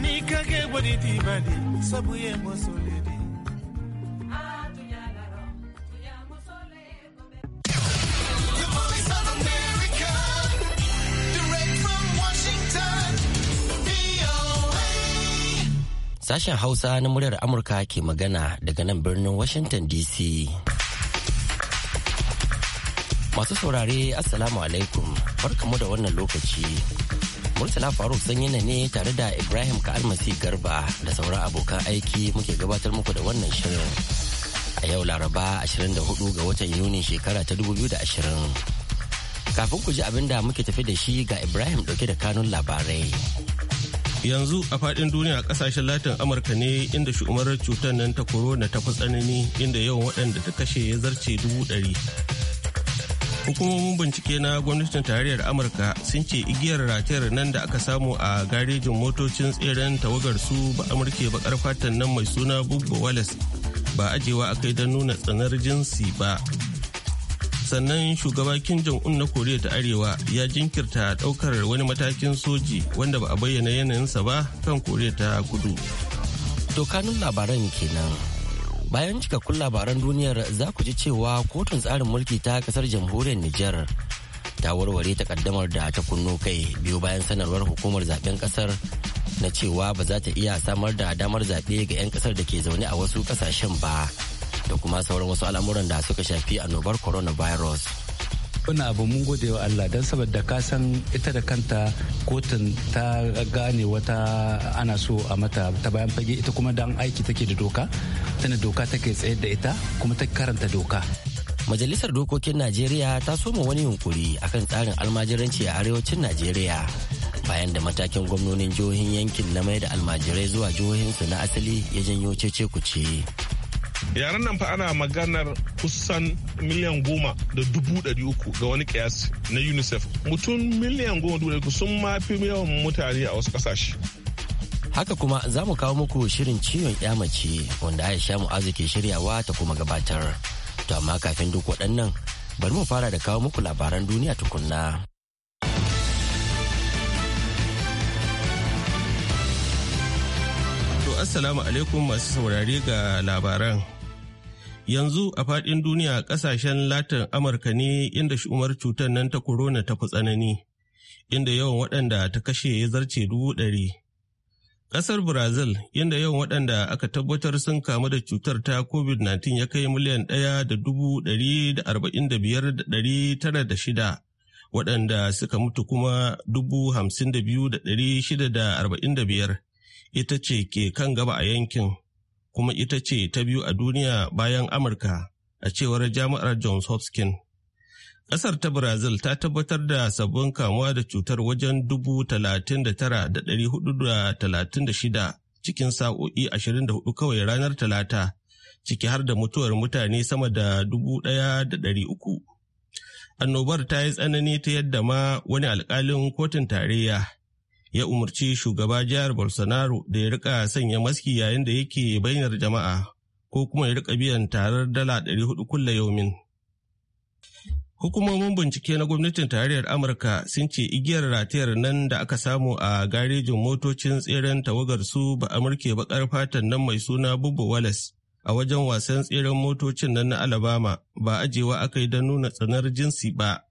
ani kage sabu ye Sashen Hausa na muryar Amurka ke magana daga nan birnin Washington DC. Masu saurare, Assalamu alaikum, barkamu da wannan lokaci. Murtala Faruk sanyi na ne tare da Ibrahim Ka'almasi Garba da sauran abokan aiki muke gabatar muku da wannan shirin. A yau Laraba 24 ga watan Yuni shekara ta 2020. Kafin ku ji abin da muke tafi da shi ga Ibrahim dauke da kanun labarai. Yanzu a faɗin duniya kasashen Latin Amurka ne inda shugabar cutar nan ta Korona ta fi tsanani inda yawan waɗanda ta kashe ya zarce dubu ɗari. hukumomin bincike na gwamnatin tarayyar amurka sun ce igiyar ratayar nan da aka samu a garejin motocin tseren tawagar su ba amurke bakar fatan nan mai suna bubba wallace ba ajewa akai kai don nuna tsanar jinsi ba sannan shugaba kim jong un na koriya ta arewa ya jinkirta daukar wani matakin soji wanda ba a bayyana yanayinsa ba kan koriya ta kudu dokanin labaran kenan bayan cikakkun labaran duniyar za ku ji cewa kotun tsarin mulki ta kasar jamhuriyar nijar ta warware takaddamar da ta kunno kai biyu bayan sanarwar hukumar zaben kasar na cewa ba za ta iya samar da damar zaɓe ga 'yan kasar da ke zaune a wasu kasashen ba da kuma sauran wasu al'amuran da suka shafi annobar coronavirus. wani abu mun gode wa Allah don saboda ka san ita da kanta kotun ta gane wata ana so a mata ta bayan fage ita kuma dan aiki take da doka tana doka take tsayar da ita kuma ta karanta doka Majalisar Dokokin Najeriya ta soma wani yunkuri akan tsarin almajiranci a arewacin Najeriya bayan da matakin gwamnonin jihohin yankin na mai da almajirai zuwa jihohinsu na asali ya janyo cece kuce. yaran nan fa ana maganar kusan miliyan goma da dubu ɗari uku ga wani kiyasi na unicef mutum miliyan goma dubu uku sun ma fi yawan mutane a wasu ƙasashe haka kuma za mu kawo muku shirin ciwon mace wanda aisha mu'azu ke shiryawa ta kuma gabatar to amma kafin duk waɗannan bari mu fara da kawo muku labaran duniya tukunna to assalamu alaikum masu saurari ga labaran yanzu a faɗin duniya ƙasashen latin amurka ne inda shumar cutar nan ta corona ta fi tsanani inda yawan waɗanda ta kashe ya zarce dubu ɗari ƙasar brazil inda yawan waɗanda aka tabbatar sun kamu da cutar ta covid-19 ya kai miliyan ɗaya da dubu ɗari da arba'in da biyar da ɗari tara da shida waɗanda suka mutu kuma dubu hamsin da biyu da ɗari shida da arba'in da biyar ita ce ke kan gaba a yankin kuma ita ce ta biyu a duniya bayan Amurka a cewar jami'ar Johns Hopkins. Ƙasar ta Brazil ta tabbatar da sabbin kamuwa da cutar wajen dubu talatin da tara da ɗari hudu da talatin da shida cikin sa'o'i ashirin da hudu kawai ranar Talata, ciki har da mutuwar mutane sama da dubu ɗaya da ɗari uku. Annobar ta yi tsanani ta yadda ma wani alƙalin kotun tarayya ya umarci shugaba jihar Bolsonaro da ya rika sanya maski yayin da yake bayyanar jama'a ko kuma ya rika biyan tarar dala 400 kulla yaumin. Hukumomin bincike na gwamnatin tarayyar Amurka sun ce igiyar ratayar nan da aka samu a garejin motocin tseren tawagar su ba amurke bakar fatan nan mai suna Bubba Wallace a wajen wasan tseren motocin nan na Alabama ba ajewa aka yi don nuna tsanar jinsi ba.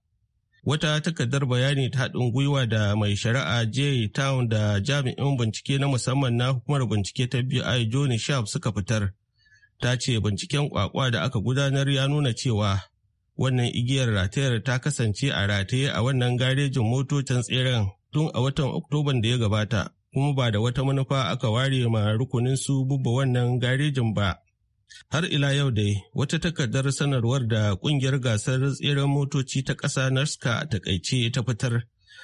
Wata takardar bayani ta haɗin gwiwa da mai shari'a Jay Town da jami'in bincike na musamman na hukumar bincike ta BI joni Sharp suka fitar. Ta ce binciken kwakwa da aka gudanar ya nuna cewa wannan igiyar ratayar ta kasance a rataye a wannan garejin motocin tseren tun a watan Oktoban da ya gabata. kuma ba da wata manufa aka ware ma rukunin su bubba wannan garejin ba Har ila yau dai wata takardar sanarwar da kungiyar gasar tseren motoci ta ƙasa Narska a takaice ta fitar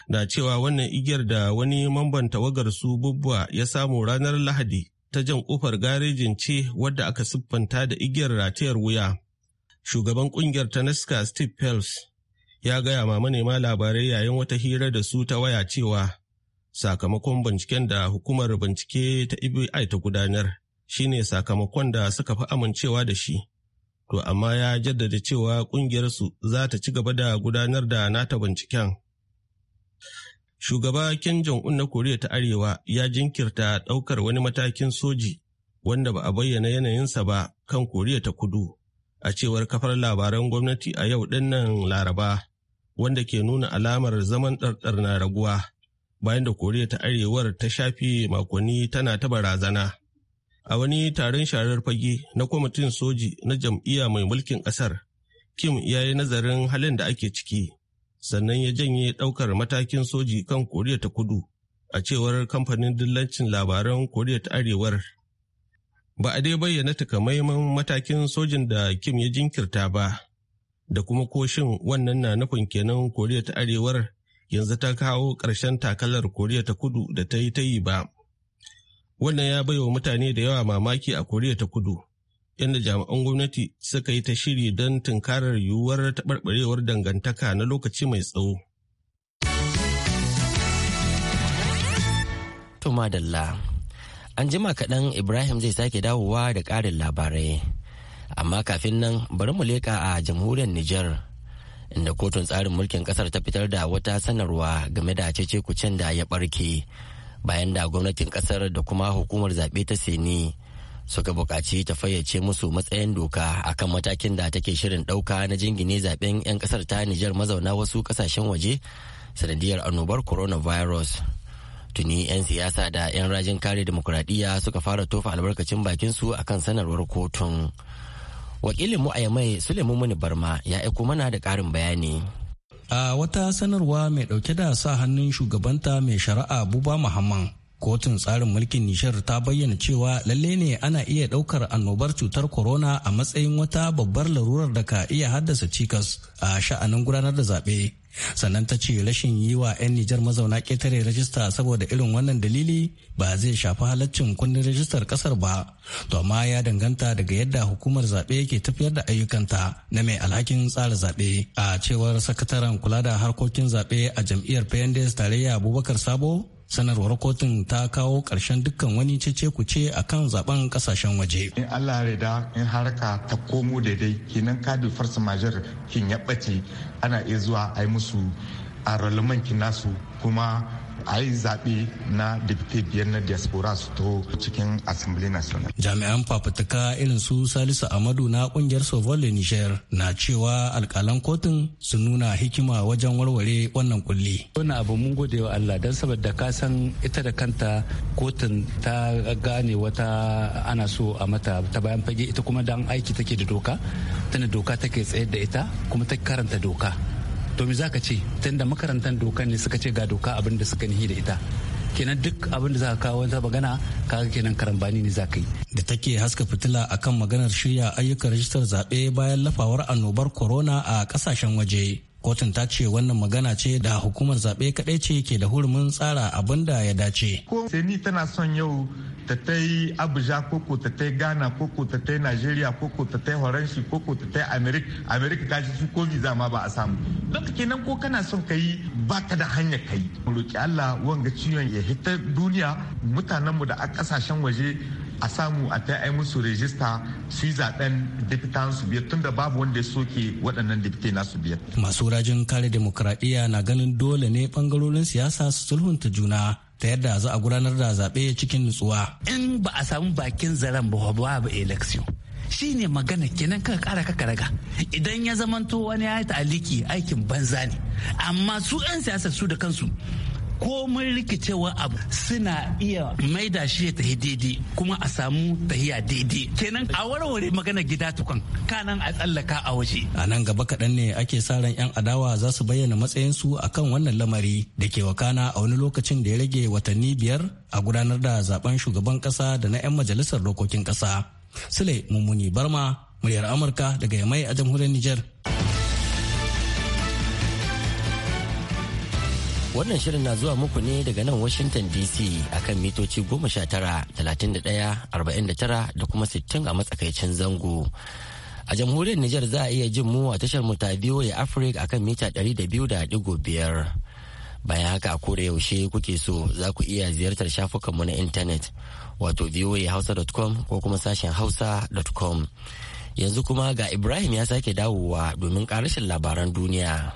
na cewa wannan igiyar da wani mamban tawagar su bubba ya samu ranar Lahadi ta jan kofar garejin ce wadda aka siffanta da igiyar ratayar wuya. Shugaban kungiyar ta Narska Steve Pels ya gaya ma manema labarai yayin wata hira da su ta waya cewa sakamakon binciken da hukumar bincike ta IBI ta gudanar shine sakamakon da suka fi amincewa da shi. To amma ya jaddada cewa ƙungiyarsu za ta ci gaba da gudanar da nata binciken. Shugaba Kim Jong-un na Koriya ta Arewa ya jinkirta ɗaukar wani matakin soji wanda ba a bayyana yanayinsa ba kan Koriya ta Kudu, a cewar kafar labaran gwamnati a yau dinnan Laraba, wanda ke nuna alamar zaman ɗarɗar na raguwa, bayan da Koriya ta Arewar ta shafi makonni tana ta barazana. a wani taron sharar fage na kwamitin soji na jam'iyya mai mulkin ƙasar kim ya yi nazarin halin da ake ciki sannan ya janye ɗaukar matakin soji kan koriya ta kudu a cewar kamfanin dillancin labaran koriya ta arewar ba a dai bayyana takamaiman matakin sojin da kim ya jinkirta ba da kuma koshin wannan na nufin kenan koriya ta arewar yanzu ta kawo ƙarshen takalar koriya ta kudu da ta yi ta yi ba Wannan ya baiwa mutane da yawa mamaki a Koriya ta Kudu, inda jami'an gwamnati suka yi ta shiri don tunkarar yiwuwar taɓarɓarewar dangantaka na lokaci mai tsawo. Tumadalla, An jima kaɗan Ibrahim zai sake dawowa da ƙarin labarai. Amma kafin nan bari mu leƙa a jamhuriyar Nijar. inda kotun tsarin mulkin ƙasar ta fitar da wata sanarwa game da cece kucen da ya ɓarke. bayan da gwamnatin kasar da kuma hukumar zaɓe ta seni suka buƙaci ta fayyace musu matsayin doka akan matakin da take shirin ɗauka na jingine zaɓen 'yan ƙasar ta Nijar mazauna wasu ƙasashen waje sanadiyar annobar coronavirus. Tuni 'yan siyasa da 'yan rajin kare demokuraɗiyya suka fara tofa albarkacin bakin su akan sanarwar kotun. Wakilin mu a Yamai Suleiman Muni Barma ya aiko mana da ƙarin bayani. a wata sanarwa mai dauke da sa hannun shugabanta mai shari'a buba muhammad kotun tsarin mulkin nishar ta bayyana cewa lalle ne ana iya daukar annobar cutar corona a matsayin wata babbar larurar da ka iya haddasa cikas a sha'anin gudanar da zaɓe sannan ta ce rashin yi wa 'yan nijar mazauna ƙetare rajista saboda irin wannan dalili ba zai shafi halaccin kundin rajistar ƙasar ba to amma ya danganta daga yadda hukumar zaɓe ke tafiyar da ayyukanta na mai alhakin tsara zaɓe a cewar sakataren kula da harkokin zaɓe a jam'iyyar pnds tarayya abubakar sabo sanarwar kotun ta kawo ƙarshen dukkan wani cece kuce a kan zaben ƙasashen waje in allah rida in haraka ta komo daidai kinan kadi farsa majar kin ya ɓace ana iya zuwa a musu a nasu kuma a yi zaɓe na dipte biyar na diaspora su to cikin assembly national. jami'an fafutuka irin su salisu amadu na kungiyar sovolle niger na cewa alkalan kotun su nuna hikima wajen warware wannan kulli. wani abu mun gode wa allah don saboda ka san ita da kanta kotun ta gane wata ana so a mata ta bayan fage ita kuma dan aiki take da doka tana doka take tsayar da ita kuma ta karanta doka to za ka ce tunda makarantar dokan ne suka ce ga doka abin da suka nihi da ita kenan duk abin da za ka kawo wata magana kaga kenan karambani ne za ka yi. Da take haska fitila akan maganar shirya ayyukan rajistar zaɓe bayan lafawar annobar corona a ƙasashen waje. kotun ta ce wannan magana ce da hukumar zaɓe kaɗai ce ke da hurumin tsara abin da ya dace ko seni tana son yau ta ta yi abuja ko ta ta yi ghana ko ta ta yi nigeria ko ta ta yi horanshi ko ta ta yi america america ta ji su ko visa ma ba a samu don ka kenan ko kana son ka yi ba ka da hanyar ka yi roƙi allah wanga ciwon ya hita duniya mutanenmu da a kasashen waje a samu a ta yi musu rejista su yi zaben diputan su biyar tunda babu wanda ya soke waɗannan na su biyar. Masu rajin kare demokradiyya na ganin dole ne bangarorin siyasa su sulhunta juna ta yadda za a gudanar da zaɓe cikin nutsuwa. In ba a samu bakin zaren ba ba election. shi ne magana kenan kaka kara kaka raga idan ya zamanto wani ya yi ta'aliki aikin banza ne amma su 'yan siyasa su da kansu komai rikicewa abu suna iya maida shi ya tafi daidai kuma a samu tahiya daidai kenan a warware magana gida tukan kanan a tsallaka a waje a nan gaba kaɗan ne ake sa ran yan adawa za su bayyana matsayinsu a kan wannan lamari da ke wakana a wani lokacin da ya rage watanni biyar a gudanar da zaben shugaban kasa da na 'yan majalisar dokokin ƙasa sule mummuni barma muryar amurka daga yamai a jamhuriyar Nijar. Wannan shirin na zuwa muku ne daga nan Washington DC akan mitoci 19,31,49 da kuma 60 a matsakaicin zango. A jamhuriyar Nijar za a iya jin mu a tashar mu ta VOA Africa akan mita 200.5. Bayan haka a kore yaushe kuke so za ku iya ziyartar shafukanmu na intanet wato voahausa.com ko kuma sashen hausa.com. Yanzu kuma ga Ibrahim ya sake dawowa domin karashin labaran duniya.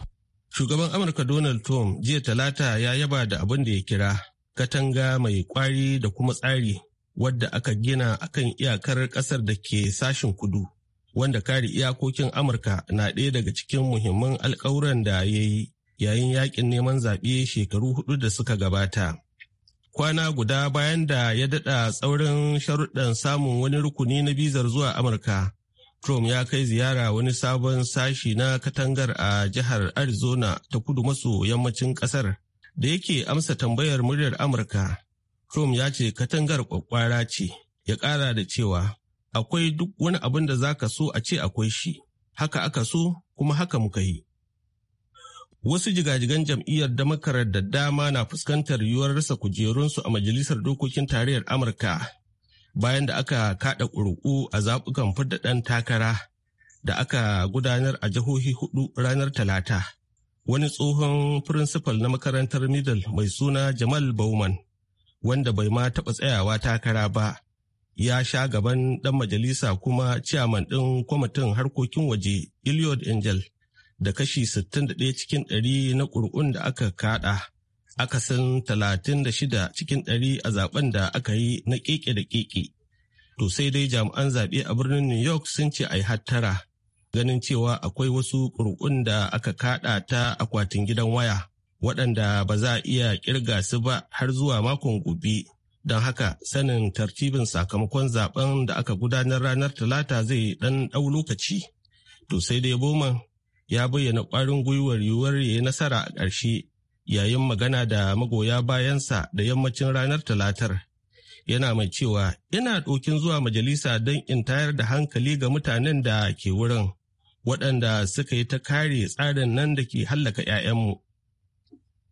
Shugaban Amurka Donald Trump jiya talata ya yaba da abin da ya kira katanga mai kwari da kuma tsari wadda aka gina akan iyakar kasar da ke sashin kudu wanda kare iyakokin amurka na ɗaya daga cikin muhimman alkawuran da ya yi yayin yakin neman zaɓe shekaru hudu da suka gabata kwana guda bayan da ya daɗa tsaurin sharuɗan samun wani rukuni na bizar zuwa amurka Trump ya kai ziyara wani sabon sashi na katangar a jihar Arizona ta kudu maso yammacin kasar da yake amsa tambayar muryar Amurka. Trump ya ce katangar kwakwara ce, ya ƙara da cewa akwai duk wani abin da za ka so a ce akwai shi, haka aka so kuma haka muka yi. Wasu jigajigan jam'iyyar damakarar da dama na fuskantar yiwuwar rasa kujerunsu a Majalisar Dokokin Tarayyar Amurka bayan da aka kada ƙuri'u a zaɓukan fiddaɗen takara da aka gudanar a jihohi hudu ranar talata wani tsohon firinsifal na makarantar middle mai suna jamal Bowman, wanda bai ma taɓa tsayawa takara ba ya sha gaban ɗan majalisa kuma ciyaman ɗin kwamitin harkokin waje iliod angel da kashi 61 cikin 100 na ƙuri'un da aka kada akasin shida cikin 100 a zaben da aka yi na keke da keke. To sai dai jami'an zaɓe a birnin New York sun ce a yi hattara ganin cewa akwai wasu ƙurƙun da aka kaɗa ta akwatin gidan waya waɗanda ba za a iya ƙirga su ba har zuwa makon gobe. Don haka sanin tartibin sakamakon zaben da aka gudanar ranar Talata zai ɗan ɗau lokaci. To sai dai Boman ya bayyana ƙwarin gwiwar yiwuwar ya yi nasara a ƙarshe yayin magana da magoya bayansa da yammacin ranar talatar yana mai cewa ina ɗokin zuwa majalisa don in tayar da hankali ga mutanen da ke wurin waɗanda suka yi ta kare tsarin nan da ke hallaka 'ya'yanmu.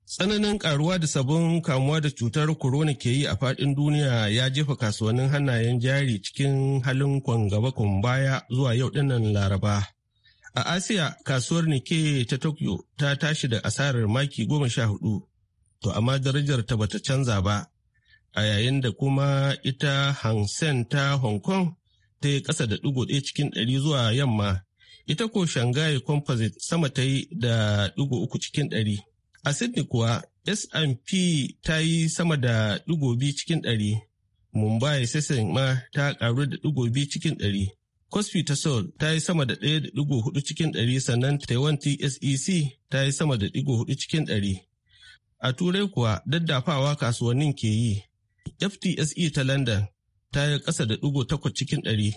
Tsananin karuwa da sabon kamuwa da cutar korona ke yi a faɗin duniya ya jefa kasuwannin hannayen jari cikin halin kwangaba baya zuwa yau ɗinnan laraba. A Asiya kasuwar Nike ta Tokyo ta tashi da asarar maki goma sha hudu, to amma darajar ta bata canza ba, a yayin da kuma ita Hang Seng ta Hong Kong ta yi ƙasa da ɗigo ɗaya cikin ɗari zuwa yamma, ita ko Shanghai Composite sama ta yi da ɗigo uku cikin ɗari. A Sydney kuwa S&P ta yi sama da ɗigo biyu cikin ɗari, Mumbai Seseng ma ta ƙaru da ɗigo biyu cikin ɗari. Cosfetasol ta yi sama da da 1.4 cikin ɗari sannan Taiwan TSEC ta yi sama da 4 cikin ɗari. A Turai kuwa daddafawa kasuwannin ke yi. FTSE ta London ta yi ƙasa da ɗigo takwas cikin ɗari,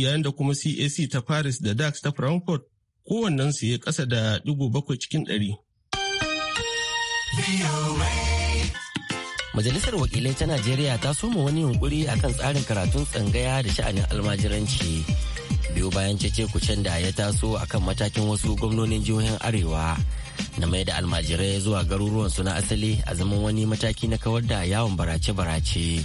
yayin da kuma CAC ta Paris da DAX ta Frankfurt kowannensu su yi ƙasa da ɗigo bakwai cikin ɗari. Majalisar Wakilai ta Najeriya ta soma wani yunkuri akan tsarin karatun tsangaya da sha'anin almajiranci. Biyu bayan cece kucen da ya taso akan matakin wasu gwamnonin jihohin Arewa na mai da almajirai zuwa garuruwan su na asali a zaman wani mataki na kawar da yawon barace-barace.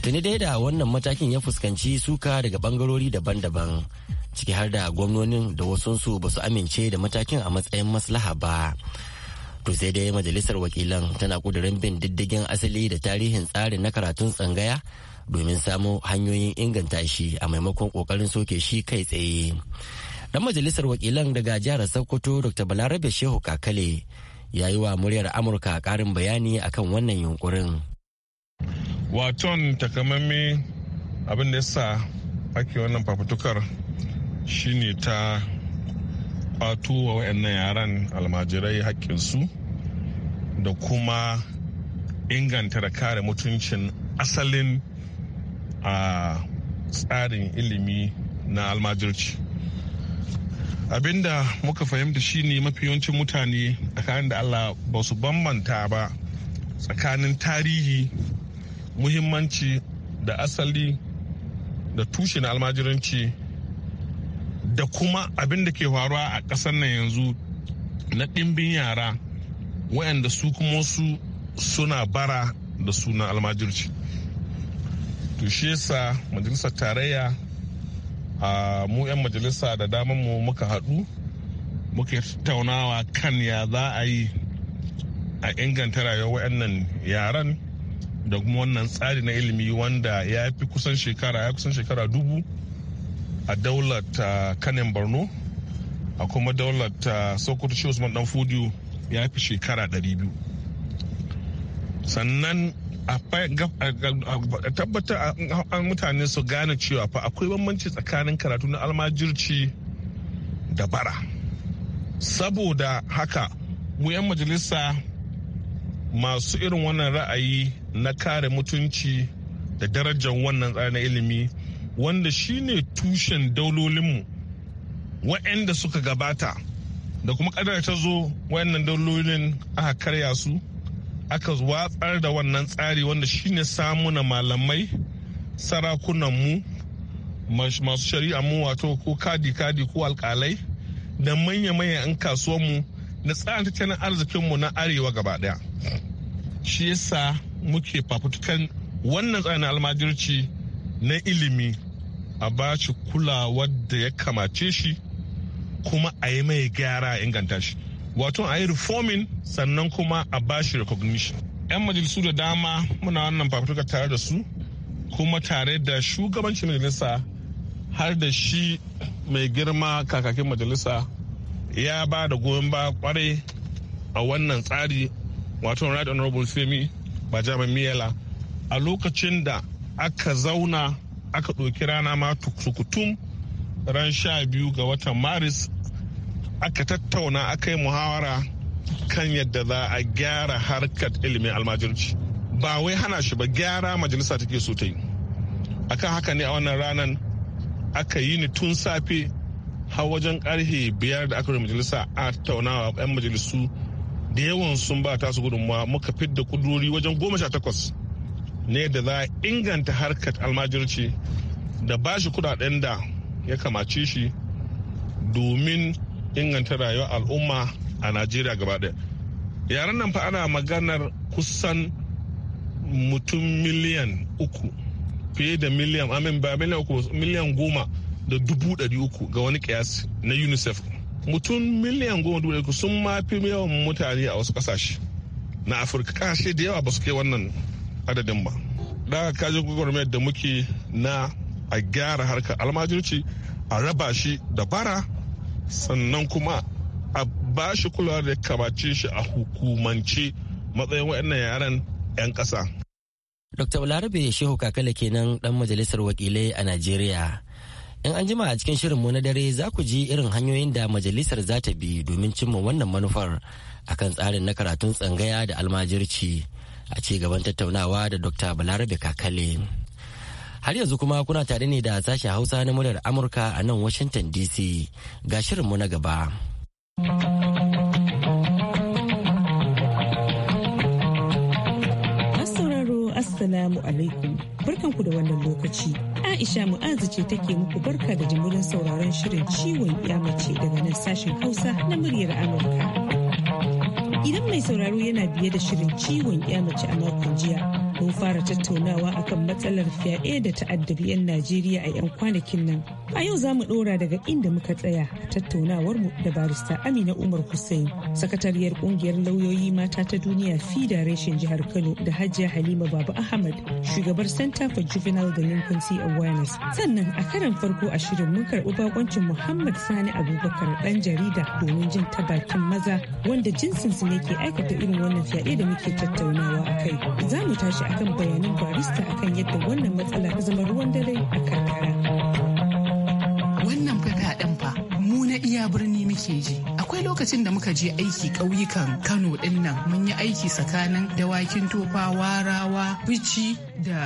Tuni dai da wannan matakin ya fuskanci suka daga bangarori daban-daban. ciki har da gwamnonin da wasunsu ba su amince da matakin a matsayin maslaha ba to sai dai majalisar wakilan tana kudurin bin diddigin asali da tarihin tsarin na karatun tsangaya domin samo hanyoyin inganta shi a maimakon kokarin soke shi kai tsaye dan majalisar wakilan daga jihar sokoto dr balarabe shehu kakale ya yi wa muryar amurka karin bayani akan wannan yunkurin waton takamamme abin da yasa ake wannan fafutukar shine ta kwato wa waɗannan yaran almajirai haƙƙinsu da kuma inganta da kare mutuncin asalin a tsarin ilimi na almajirci abinda muka fahimta shine mafi yawancin mutane tsakanin da allah ba su bambanta ba tsakanin tarihi muhimmanci da asali da tushe na almajiranci da kuma abin da ke faruwa a ƙasar nan yanzu na ɗimbin yara waɗanda su kuma su suna bara da suna almajirci to shi majalisar tarayya a mu 'yan majalisa da daman mu muka haɗu muka tattaunawa kan ya za a yi a inganta rayuwar waɗannan yaran da kuma wannan tsari na ilimi wanda ya fi kusan shekara ya kusan shekara dubu a daular kanin borno a kuma daular sokoto shi usman dan fudiyo ya fi shekara 200 sannan a tabbatar an mutane su gane cewa fa akwai bambanci tsakanin karatu na almajirci da bara saboda haka mu 'yan majalisa masu irin wannan ra'ayi na kare mutunci da darajar wannan tsari na ilimi wanda shine tushen daulolinmu waɗanda suka gabata da kuma kadar ta zo wayannan dalolin aka karya su aka watsar da wannan tsari wanda shine samuna malamai sarakunan mu. masu shari'a mu wato ko kadi-kadi ko alkalai da manya manya an kasuwa mu da tsarin tattalin arzikinmu na arewa gaba daya shi yasa muke fafutukan wannan tsarin almajirci na ilimi a bashi kulawar da ya kamace shi kuma a yi mai gyara a inganta shi wato a yi reforming sannan kuma a bashi recognition 'yan majalisu da dama muna wannan fafutuka tare da su kuma tare da shugabancin majalisa har da shi mai girma kakakin majalisa ya ba da goyon ba kwarai a wannan tsari wato right honorable femi bajama miyala a lokacin da aka zauna aka ɗauki rana ma tukutum ran sha biyu ga watan maris aka tattauna aka yi muhawara kan yadda za a gyara harkar ilimin almajirci ba wai hana shi ba gyara majalisa take so ta yi akan haka ne a wannan ranar aka yi ni tun safe har wajen karhe biyar da aka majalisa a tattaunawa 'yan majalisu da yawan sun ba ta su gudunmawa muka fidda kuduri wajen goma sha takwas ne da za a inganta harkar almajirci da ba shi kudaden da ya kamace shi domin inganta rayuwar al'umma a najeriya gaba ɗaya yaren nan fa ana maganar kusan mutum miliyan uku fiye da miliyan amin ba miliyan uku miliyan goma da dubu ɗari uku ga wani kiyasi na unicef mutum miliyan goma dubu uku sun ma fi yawan mutane a wasu ƙasashe na afirka ƙasashe da yawa ba su kai wannan adadin ba da kajin gwagwarmayar da muke na a gyara harkar almajirci a raba shi da bara sannan kuma a ba shi kulawa da kamace shi a hukumance matsayin waɗannan yaran 'yan ƙasa. Dr. larabe Shehu Kakala kenan ɗan majalisar wakilai a Najeriya. In an jima a cikin shirin mu na dare za ku ji irin hanyoyin da majalisar za ta bi domin cimma wannan manufar akan tsarin na karatun tsangaya da almajirci a cigaban tattaunawa da Dr. Balarabe Kakale. Har yanzu kuma kuna tare ne da sashen Hausa na muryar Amurka a nan Washington DC. Ga shirinmu na gaba. Masauraro Assalamu alaikum. Barkanku da wannan lokaci. Aisha Mu'azu ce take muku barka da jimurin sauraron shirin ciwon mace daga nan sashen Hausa na muryar Amurka. Idan mai sauraro yana biye da shirin ciwon mace a makon jiya, mun fara tattaunawa akan matsalar fyaɗe da ta'addabi 'yan Najeriya a 'yan kwanakin nan. A yau za mu ɗora daga inda muka tsaya tattaunawar mu da barista Amina Umar Hussein, sakatariyar ƙungiyar lauyoyi mata ta duniya FIDA reshen jihar Kano da Hajiya Halima Baba Ahmad, shugabar Center for Juvenile Delinquency Awareness. Sannan a karan farko a shirin mun karɓi bakoncin Muhammad Sani Abubakar ɗan jarida domin jin ta bakin maza wanda jinsinsu ne ke aikata irin wannan fyaɗe da muke tattaunawa a kai. Za mu tashi akan bayanan barista akan yadda wannan matsala ta zama ruwan dare a karkara. Wannan faɗaɗen fa mu na iya birni muke ji. Akwai lokacin da muka je aiki ƙauyukan Kano ɗin nan mun yi aiki tsakanin dawakin tofa warawa bici da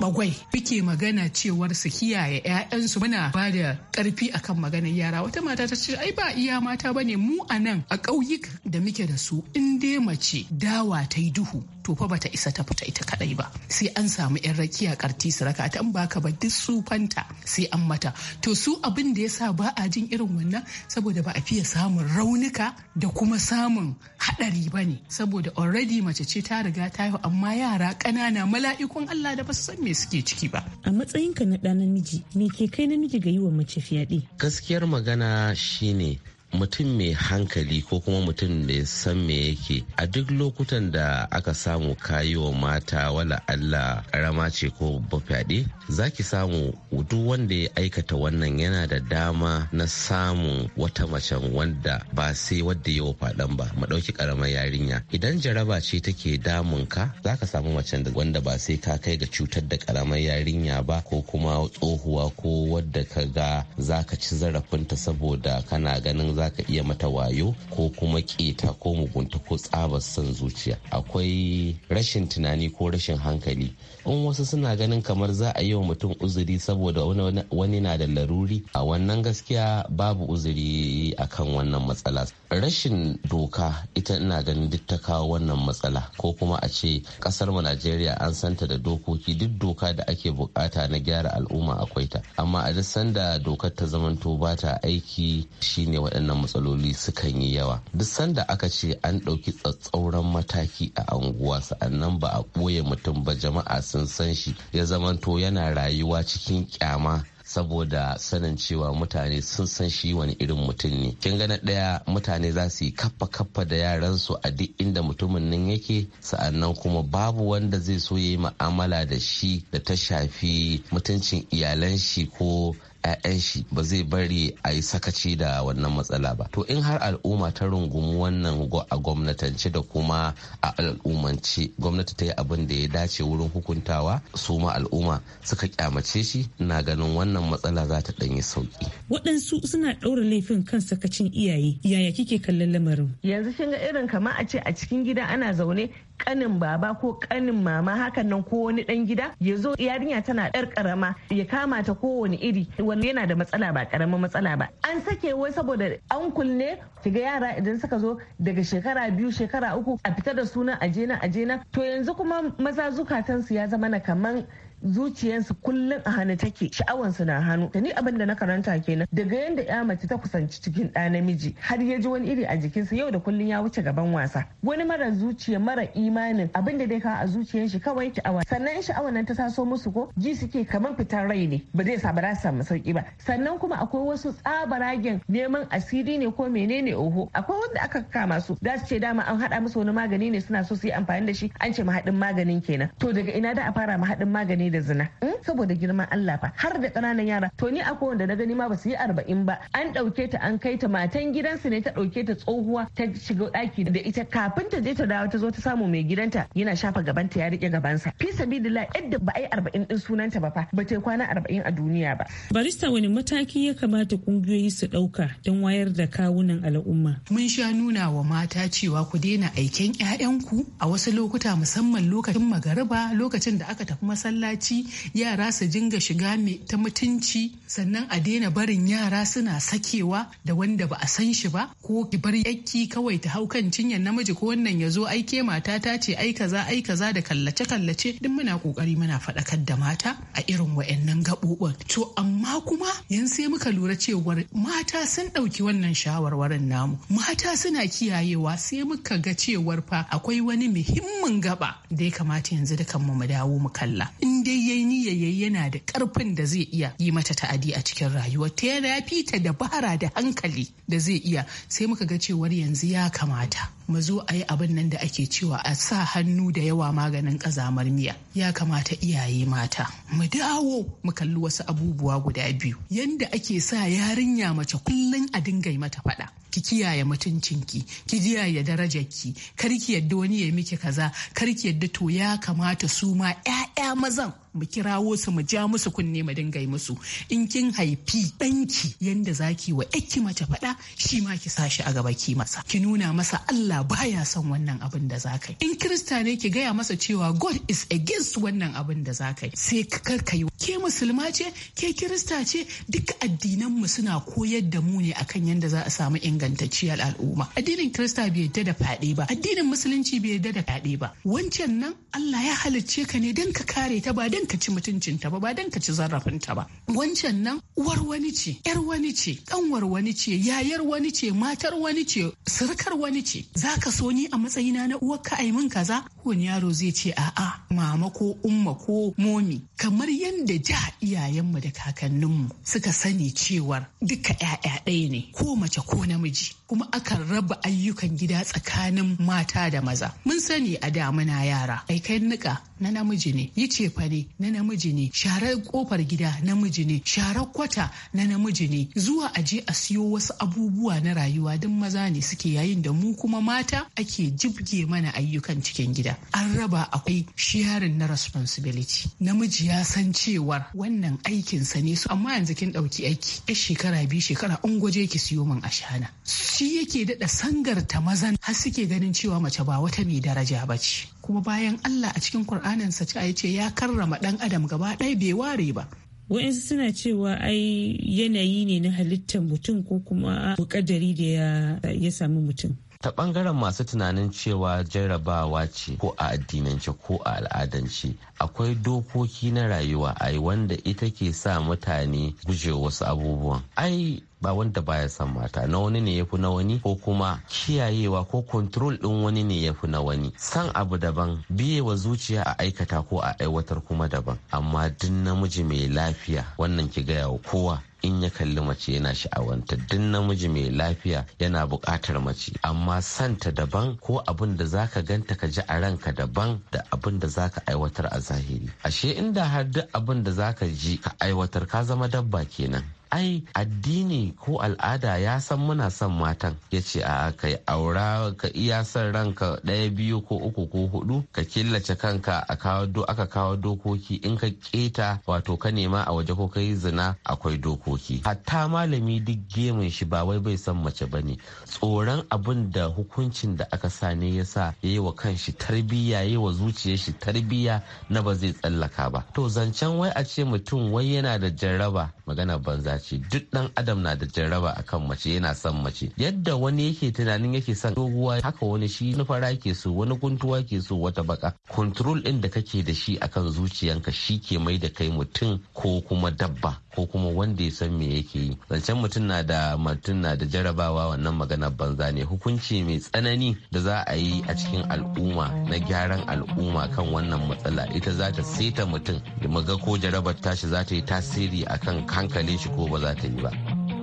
bagwai muke magana cewar su kiyaye 'ya'yansu muna ba da ƙarfi akan maganar yara wata mata ta ce ai ba iya mata bane mu a nan a ƙauyuka da muke da su in dai mace dawa ta yi duhu to fa bata isa ta fita ita kadai ba sai an samu yan rakiya karti su raka ta baka ba duk su fanta sai an mata to su abin da yasa ba a jin irin wannan saboda ba a fiye samun raunuka da kuma samun hadari ba ne saboda already mace ce ta riga ta yi amma yara ƙanana mala'ikun Allah da ba su san me suke ciki ba a matsayinka na ɗan namiji me ke kai namiji ga yi wa mace fyaɗe gaskiyar magana shine mutum mai hankali ko kuma mutum da ya san me yake a duk lokutan da aka samu wa mata wala Allah karama ce ko fyaɗe za ki samu duk wanda ya aikata wannan yana da dama na samun wata macen wanda ba sai wadda yawa faɗan ba mu ɗauki karamar yarinya idan jaraba ce take damun ka za ka samu macen da wanda ba sai ka kai ga cutar da karamar yarinya ba ko kuma tsohuwa ko wadda ka ga za ka ci zarafinta saboda kana ganin za ka iya mata wayo ko kuma keta ko mugunta ko tsabar son zuciya akwai rashin tunani ko rashin hankali in wasu suna ganin kamar za a yi wa mutum uzuri saboda wani na da laruri a wannan gaskiya babu uzuri akan wannan matsala rashin doka ita ina ganin duk ta kawo wannan matsala ko kuma a ce kasar mu najeriya an santa da dokoki duk doka da ake bukata na gyara al'umma akwai ta amma a duk sanda dokar ta zamanto ba ta aiki shine waɗannan matsaloli sukan yi yawa duk sanda aka ce an ɗauki tsatsauran mataki a anguwa sa'annan ba a ɓoye mutum ba jama'a sun san shi ya zamanto yana rayuwa cikin kyama saboda sanin cewa mutane sun san shi wani irin mutum ne kin ga na ɗaya mutane za su yi kaffa kaffa da yaran su a duk inda mutumin nan yake sa'annan kuma babu wanda zai so ya yi ma'amala da shi da ta shafi mutuncin iyalan shi ko 'ya'yan shi ba zai bari a yi sakaci da wannan matsala ba to in har al'umma ta rungumi wannan a gwamnatance da kuma a al'ummance gwamnati ta yi abin da ya dace wurin hukuntawa su ma al'umma suka kyamace shi na ganin wannan matsala za ta ɗanyi sauki waɗansu suna ɗaura laifin kan sakacin iyaye yaya kike kallon lamarin yanzu shin ga irin kama a ce a cikin gida ana zaune kanin baba ko kanin mama hakan nan ko wani dan gida ya zo yarinya tana ɗar karama ya kama ta kowane iri wanda yana da matsala ba karamin matsala ba an sake wai saboda an kunne kiga yara idan suka zo daga shekara biyu shekara uku a fita da sunan ajena ajena to yanzu kuma maza zukatansu ya zama na kaman zuciyarsu kullum a hannu take sha'awansu na hannu da ni abin da na karanta kenan daga yadda ya mace ta kusanci cikin ɗa namiji har ya ji wani iri a jikinsa yau da kullum ya wuce gaban wasa wani mara zuciya mara imanin abin da dai ka a zuciyar shi kawai awa sannan sha'awa nan ta taso musu ko ji suke kamar fitar rai ne ba zai sa ba za su samu sauki ba sannan kuma akwai wasu tsabaragen neman asiri ne ko menene oho akwai wanda aka kama su za su ce dama an haɗa musu wani magani ne suna so su yi amfani da shi an ce mahaɗin maganin kenan to daga ina da a fara mahaɗin magani da zina mm? saboda girman Allah fa har da kananan yara to ni akwai wanda na gani ma ba su yi arba'in ba an ɗauke ta an kai ta matan gidansu ne ta ɗauke ta tsohuwa ta shiga ɗaki da ita kafin ta je ta dawo ta zo ta samu mai gidanta yana shafa gabanta ya riƙe gabansa fi sabilillah yadda ba a yi arba'in ɗin sunanta ba fa ba ta kwana arba'in a duniya ba. barista wani mataki ya kamata ƙungiyoyi su ɗauka don wayar da kawunan al'umma. mun sha nuna wa mata cewa ku daina aiken 'ya'yanku a wasu lokuta musamman lokacin magariba lokacin da aka tafi masallaci ci yara su jinga shiga ta mutunci sannan a daina barin yara suna sakewa da wanda ba a san shi ba ko ki bar yakki kawai ta hau kan cinyar namiji ko wannan ya zo aike mata ta ce ai kaza ai kaza da kallace kallace duk muna kokari muna faɗakar da mata a irin wa'annan gabobin to amma kuma yan sai muka lura cewar mata sun ɗauki wannan shawarwarin namu mata suna kiyayewa sai muka ga cewar fa akwai wani muhimmin gaba da ya kamata yanzu dukan mu mu dawo mu kalla in dai yayi niyya yayi yana da karfin da zai iya yi mata ta'adi a cikin rayuwa ta yana fita ta dabara da hankali da zai iya sai muka ga cewar yanzu ya kamata mu zo a yi abin nan da ake cewa a sa hannu da yawa maganin kazamar miya ya kamata iyaye mata mu dawo mu kalli wasu abubuwa guda biyu yanda ake sa yarinya mace kullum a dinga mata faɗa ki kiyaye mutuncinki ki kiyaye darajarki kar ki yadda wani ya miki kaza kar ki yadda to ya kamata su ma 'ya'ya mazan mu kirawo su mu ja musu kunne mu dinga yi musu in kin haifi ɗanki yanda zaki wa ki mace faɗa shi ma ki sa shi a gaba ki masa ki nuna masa Allah baya son wannan abin da zaka yi in kirista ne ki gaya masa cewa God is against wannan abin da zaka yi sai kar ka yi ke musulma ce ke kirista ce duk addinan mu suna koyar da mu ne akan yanda za a samu ingantacciyar al'umma addinin kirista bai yadda da fyaɗe ba addinin musulunci bai yadda da fyaɗe ba wancan nan Allah ya halicce ka ne don ka kare ta ba don don ka ci mutuncinta ba ba dan ka ci zarafinta ba wancan nan uwar wani ce yar wani ce kanwar wani ce yayar wani ce matar wani ce surkar wani ce Za ka so ni a matsayina na uwar ka min kaza wani yaro zai ce a'a mama ko umma ko momi kamar yadda ja iyayenmu da kakanninmu suka sani cewar duka 'ya'ya ɗaya ne ko mace ko namiji kuma akan raba ayyukan gida tsakanin mata da maza mun sani a da muna yara aikai nika na namiji ne yi cefa ne na namiji ne sharar kofar gida namiji ne sharar kwata na namiji ne zuwa a je a siyo wasu abubuwa na rayuwa duk maza ne suke yayin da mu kuma mata ake jibge mana ayyukan cikin gida an raba akwai sharing na responsibility namiji ya san cewar wannan aikinsa ne su amma yanzu kin ɗauki aiki ya shekara biyu shekara an gwaje ki siyo min ashana shi yake daɗa ta mazan har suke ganin cewa mace ba wata mai daraja ba ce kuma bayan Allah a cikin Kur'aninsa ta ce ya karrama ɗan adam gaba ɗaya bai ware ba. Wa'insu suna cewa ai yanayi ne na halittar mutum ko kuma bukadari da ya sami mutum. ta bangaren masu tunanin cewa jarrabawa ce ko a addinance ko a al'adance akwai dokoki na rayuwa ai wanda ita ke sa mutane guje wasu abubuwan ai ba wanda baya san mata na wani ne ya na wani ko kuma kiyayewa ko control din wani ne ya na wani san abu daban biye wa zuciya a aikata ko a aiwatar kuma daban amma duk namiji mai lafiya wannan ki gaya wa kowa in ya kalli mace yana sha'awanta duk namiji mai lafiya yana buƙatar mace amma santa daban ko abin da za zaka ganta ka ji a ranka daban da abin da za ka aiwatar a zahiri ashe inda har duk abin da za ka ji ka aiwatar ka zama dabba kenan ai addini ko al'ada ya san muna son matan ya ce a ka aura ka iya son ranka ɗaya biyu ko uku ko hudu ka killace kanka a kawo aka kawo dokoki in ka keta wato ka nema a waje ko kai zina akwai dokoki hatta malami duk gemun shi ba wai bai san mace ba ne. tsoron abin da hukuncin da aka sa ne ya sa ya yi wa kanshi tarbiyya ya yi wa zuciyar shi tarbiyya na ba zai tsallaka ba to zancen wai a ce mutum wai yana da jarraba magana banza mace duk dan adam na da jaraba akan mace yana son mace yadda wani yake tunanin yake son doguwa haka wani shi fara ke so wani guntuwa ke so wata baka control din da kake da shi akan zuciyanka shi ke mai da kai mutum ko kuma dabba ko kuma wanda ya san me yake yi zancen mutum na da mutum na da jarabawa wannan maganar banza ne hukunci mai tsanani da za a yi a cikin al'umma na gyaran al'umma kan wannan matsala ita za ta seta mutum mu ga ko jarabar tashi za ta yi tasiri akan hankalin shi ko ba za ta yi ba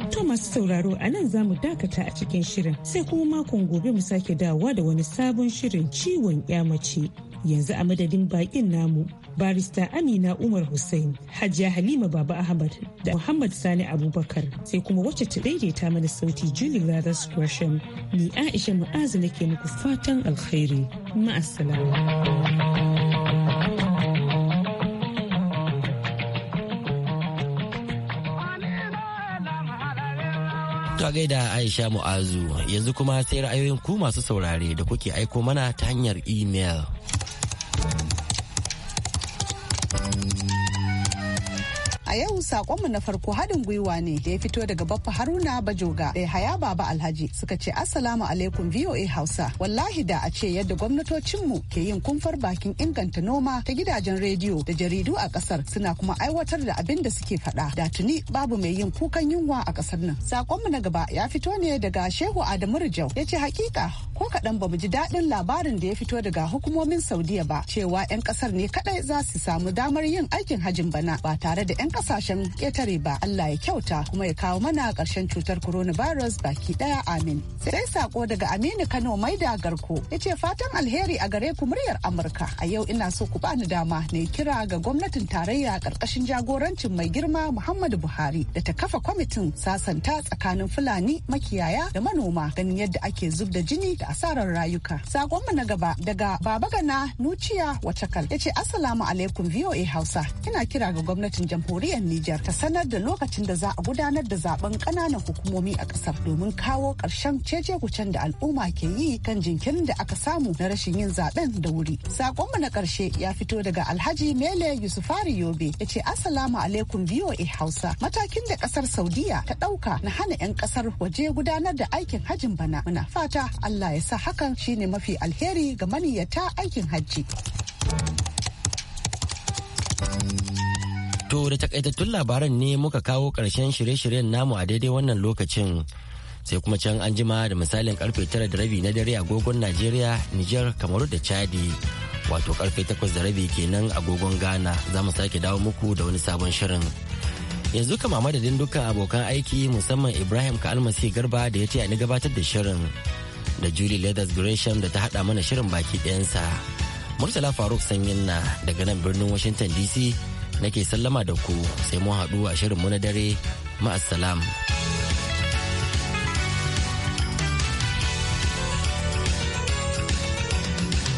To masu sauraro a nan za mu dakata a cikin shirin sai kuma makon gobe mu sake dawowa da wani sabon shirin ciwon mace yanzu a madadin bakin namu barista amina umar hussein hajiya halima baba ahmad da muhammad sani abubakar sai kuma wacce ta daidaita mana sauti julie lathers gresham ni aisha mu'azu nake muku fatan alkhairi ma'asala. To gaida Aisha Mu'azu yanzu kuma sai ra'ayoyin ku masu saurare da kuke aiko mana ta hanyar email. A yau sakonmu na farko haɗin gwiwa ne da ya fito daga Baffa Haruna Bajoga da eh, Haya Baba Alhaji suka ce Assalamu alaikum VOA Hausa. Wallahi da a ce yadda gwamnatocinmu ke yin kumfar bakin inganta noma ta gidajen rediyo da jaridu a ƙasar suna kuma aiwatar da abin da suke faɗa. Da tuni babu mai yin kukan yunwa a ƙasar nan. Sakonmu na gaba ya fito ne daga Shehu Adamu Rijau ya ce hakika ko kaɗan mu ji daɗin labarin da ya fito daga hukumomin Saudiya ba cewa 'yan ƙasar ne kaɗai za su samu damar yin aikin hajin bana ba tare da 'yan kasashen ketare ba Allah ya kyauta kuma ya kawo mana ƙarshen cutar coronavirus baki ɗaya amin. Sai sako daga Aminu Kano mai da Garko yace fatan alheri a gare ku muryar Amurka a yau ina so ku bani dama ne kira ga gwamnatin tarayya ƙarƙashin jagorancin mai girma Muhammadu Buhari da ta kafa kwamitin sasanta tsakanin Fulani makiyaya da manoma ganin yadda ake zub da jini da asarar rayuka. mu na gaba daga Babagana Nuciya Wacakal ya ce Assalamu alaikum VOA Hausa ina kira ga gwamnatin jamhuriyar jamhuriyar Nijar ta sanar da lokacin da za a gudanar da zaben kananan hukumomi a kasar domin kawo ƙarshen cece-kucen da al'umma ke yi kan jinkirin da aka samu na rashin yin zaben da wuri. Sakonmu na ƙarshe ya fito daga Alhaji Mele Yusufari Yobe ya ce asalamu alaikum VOA Hausa. Matakin da kasar Saudiya ta ɗauka na hana 'yan kasar waje gudanar da aikin hajin bana. Muna fata Allah ya sa hakan shine mafi alheri ga maniyyata aikin hajji. To da takaitattun labaran ne muka kawo ƙarshen shirye-shiryen namu a daidai wannan lokacin. Sai kuma can an jima da misalin karfe tara da rabi na dare agogon Najeriya, Nijar, Kamaru da Chadi. Wato karfe takwas da rabi kenan agogon Ghana za mu sake dawo muku da wani sabon shirin. Yanzu kama madadin dukkan abokan aiki musamman Ibrahim ka Almasi Garba da ya ce ni gabatar da shirin. Da Julie Leathers Gresham da ta haɗa mana shirin baki ɗayansa. Murtala Faruk Sanyin na daga nan birnin Washington DC nake sallama da ku sai mu haɗu a shirinmu na dare ma'assalam.